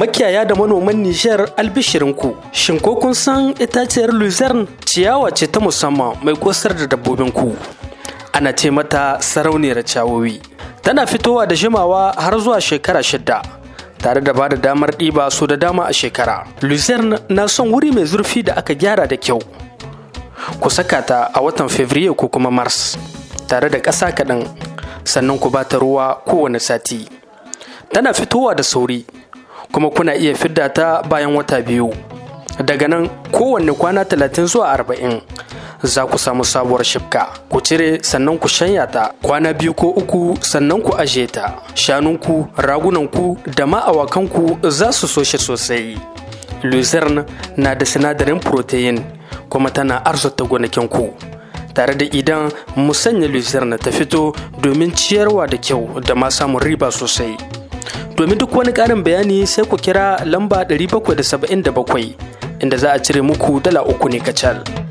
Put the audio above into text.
makiyaya da manoman Nijar albishirinku. Shin ko kun san itaciyar Luzern? ciyawa ce ta musamman mai kosar da dabbobin ku. Ana ce mata sarauniyar ciyawowi. Tana fitowa da jimawa har zuwa shekara shida. tare da bada damar ɗiba su da dama a shekara. Luzern na son wuri mai zurfi da aka gyara da kyau. Ku saka ta a watan Fabrairu ko kuma Mars tare da ƙasa kaɗan sannan ku ba ta ruwa kowane sati. Tana fitowa da sauri kuma kuna iya fidda ta bayan wata biyu daga nan kowanne kwana talatin zuwa arba'in za ku samu sabuwar shifka ku cire sannan ku shanya ta kwana biyu ko uku sannan ku aje ta shanunku ragunanku da ma awakanku za su so shi sosai lucerne na da sinadarin protein kuma tana arzuta gonakinku tare da idan musanya lucerne ta fito domin ciyarwa da kyau da ma samun riba sosai Domin duk wani ƙarin bayani sai ku kira lamba 777 inda za a cire muku dala uku ne kacal.